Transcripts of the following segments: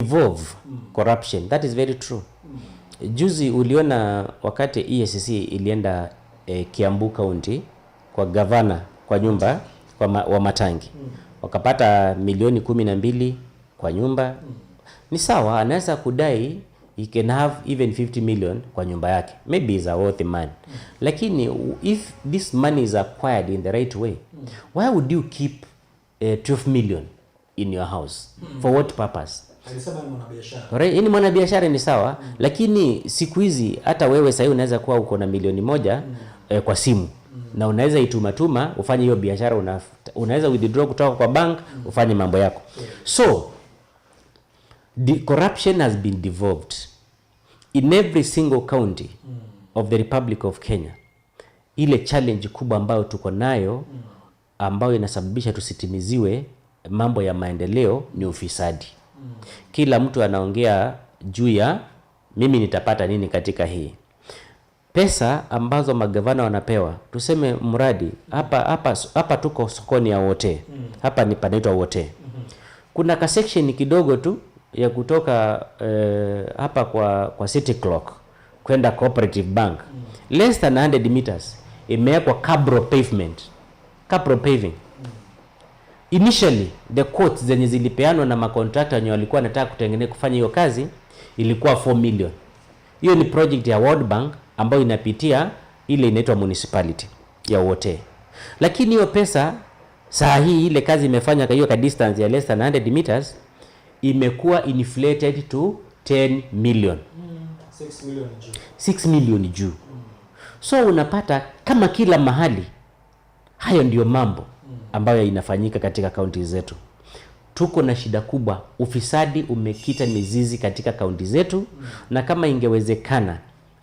involve corruption. That is very true. Juzi uliona wakati EACC ilienda eh, Kiambu County kwa gavana kwa nyumba kwa ma, wa Matangi wakapata milioni kumi na mbili kwa nyumba. Ni sawa, anaweza kudai he can have even 50 million kwa nyumba yake, maybe is a worthy man, lakini if this money is acquired in the right way, why would you keep uh, eh, 12 million in your house for what purpose? Alisema ni mwanabiashara. Right, ni yaani mwanabiashara ni sawa, mm. Lakini siku hizi hata wewe sasa unaweza kuwa uko na milioni moja mm. eh, kwa simu mm. na unaweza ituma tuma ufanye hiyo biashara una, unaweza withdraw kutoka kwa bank mm. ufanye mambo yako. Yeah. So the corruption has been devolved in every single county mm. of the Republic of Kenya. Ile challenge kubwa ambayo tuko nayo mm. ambayo inasababisha tusitimiziwe mambo ya maendeleo ni ufisadi. Kila mtu anaongea juu ya mimi nitapata nini katika hii pesa ambazo magavana wanapewa. Tuseme mradi hapa hapa hapa, tuko sokoni ya wote mm. hapa, ni panaitwa wote. Mm-hmm. Kuna ka section kidogo tu ya kutoka eh, hapa kwa kwa City Clock kwenda Cooperative Bank mm. less than 100 meters imewekwa cabro pavement, cabro paving Initially the quotes zenye zilipeanwa na makontrakta wenye walikuwa wanataka kutengeneza kufanya hiyo kazi ilikuwa 4 million. Hiyo ni project ya World Bank ambayo inapitia ile inaitwa municipality ya wote. Lakini hiyo pesa saa hii ile kazi imefanya kwa hiyo ka distance ya less than 100 meters imekuwa inflated to 10 million. 6 million juu. 6 million juu. So unapata kama kila mahali hayo ndiyo mambo ambayo inafanyika katika kaunti zetu. Tuko na shida kubwa, ufisadi umekita mizizi katika kaunti zetu, na kama ingewezekana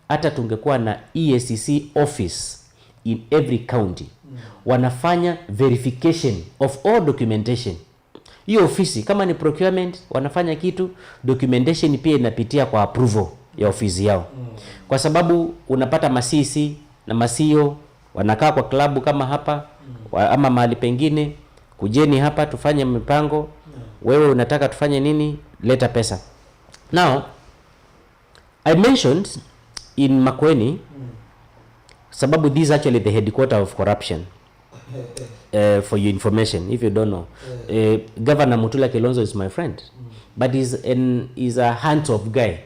hata tungekuwa na EACC office in every county, wanafanya verification of all documentation. Hiyo ofisi kama ni procurement, wanafanya kitu, documentation pia inapitia kwa approval ya ofisi yao, kwa sababu unapata masisi na masio wanakaa kwa klabu kama hapa ama mahali pengine, kujeni hapa tufanye mipango, wewe unataka tufanye nini? Leta pesa. Now I mentioned in Makueni mm. sababu this actually the headquarter of corruption. Uh, for your information if you don't know uh, Governor Mutula Kilonzo is my friend mm. but is an is a hands of guy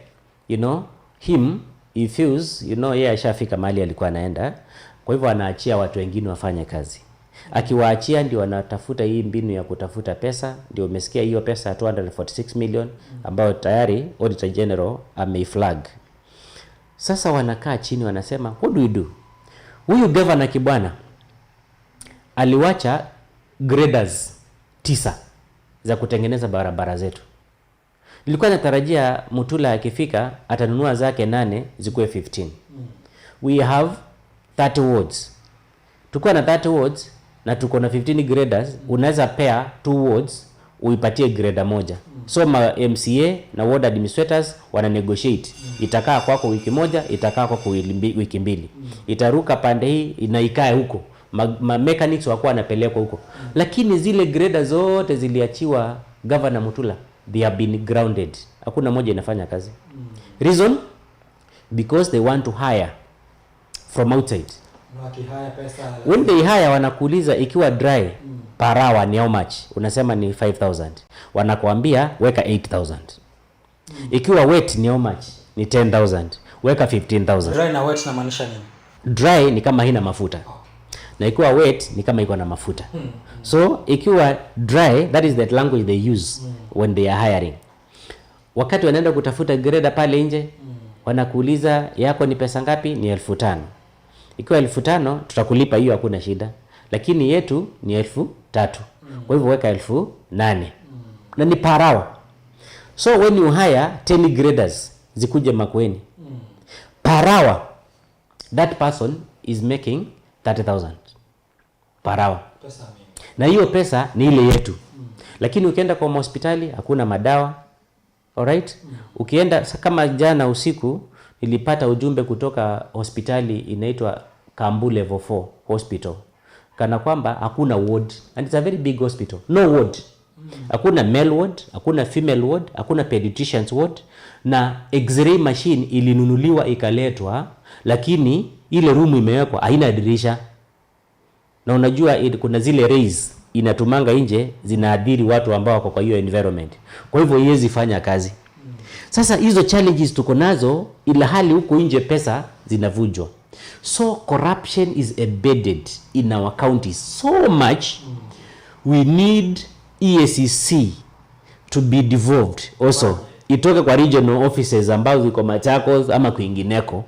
you know him he feels you know yeye yeah, ashafika mahali alikuwa anaenda kwa hivyo anaachia watu wengine wafanye kazi akiwaachia ndio wanatafuta hii mbinu ya kutafuta pesa. Ndio umesikia hiyo pesa ya 246 million ambayo tayari Auditor General ameiflag. Sasa wanakaa chini wanasema, what do we do? Huyu governor Kibwana aliwacha graders tisa za kutengeneza barabara zetu. Nilikuwa natarajia Mutula akifika atanunua zake nane zikuwe 15. We have 30 wards. Tulikuwa na 30 wards na tuko na 15 graders, unaweza pair two wards uipatie grader moja. So ma MCA na ward administrators wana negotiate, itakaa kwako wiki moja, itakaa kwako wiki mbili, itaruka pande hii inaikae huko ma, ma mechanics wakuwa wanapelekwa huko, lakini zile grader zote ziliachiwa Governor Mutula, they have been grounded, hakuna moja inafanya kazi. Reason because they want to hire from outside Haya pesa, haya wanakuuliza ikiwa dry mm. parawa ni how much? Unasema ni 5000. Wanakuambia weka 8000. Mm. Ikiwa wet ni how much? Ni 10000. Weka 15000. Dry na wet inamaanisha nini? Dry ni kama haina mafuta. Oh. Na ikiwa wet ni kama iko na mafuta. Mm. So ikiwa dry that is that language they use mm. when they are hiring. Wakati wanaenda kutafuta greda pale nje mm. wanakuuliza yako ni pesa ngapi? Ni elfu tano. Ikiwa elfu tano tutakulipa hiyo, hakuna shida, lakini yetu ni elfu tatu kwa hivyo weka elfu nane na ni parawa So when you hire ten graders zikuje makweni per that person is making 30000 per hour, na hiyo pesa ni ile yetu. Lakini ukienda kwa mahospitali hakuna madawa Alright? Ukienda kama jana usiku nilipata ujumbe kutoka hospitali inaitwa Kambu level 4 hospital, kana kwamba hakuna ward, and it's a very big hospital, no ward hakuna male ward, hakuna female ward, hakuna pediatricians ward, na x-ray machine ilinunuliwa ikaletwa, lakini ile room imewekwa haina dirisha. Na unajua ili, kuna zile rays inatumanga nje zinaadhiri watu ambao wako kwa hiyo environment, kwa hivyo iwezi fanya kazi. Sasa hizo challenges tuko nazo, ila hali huko nje pesa zinavunjwa. So corruption is embedded in our county so much we need esec to be devolved also Itoke kwa regional offices ambazo ziko Machakos ama kwingineko.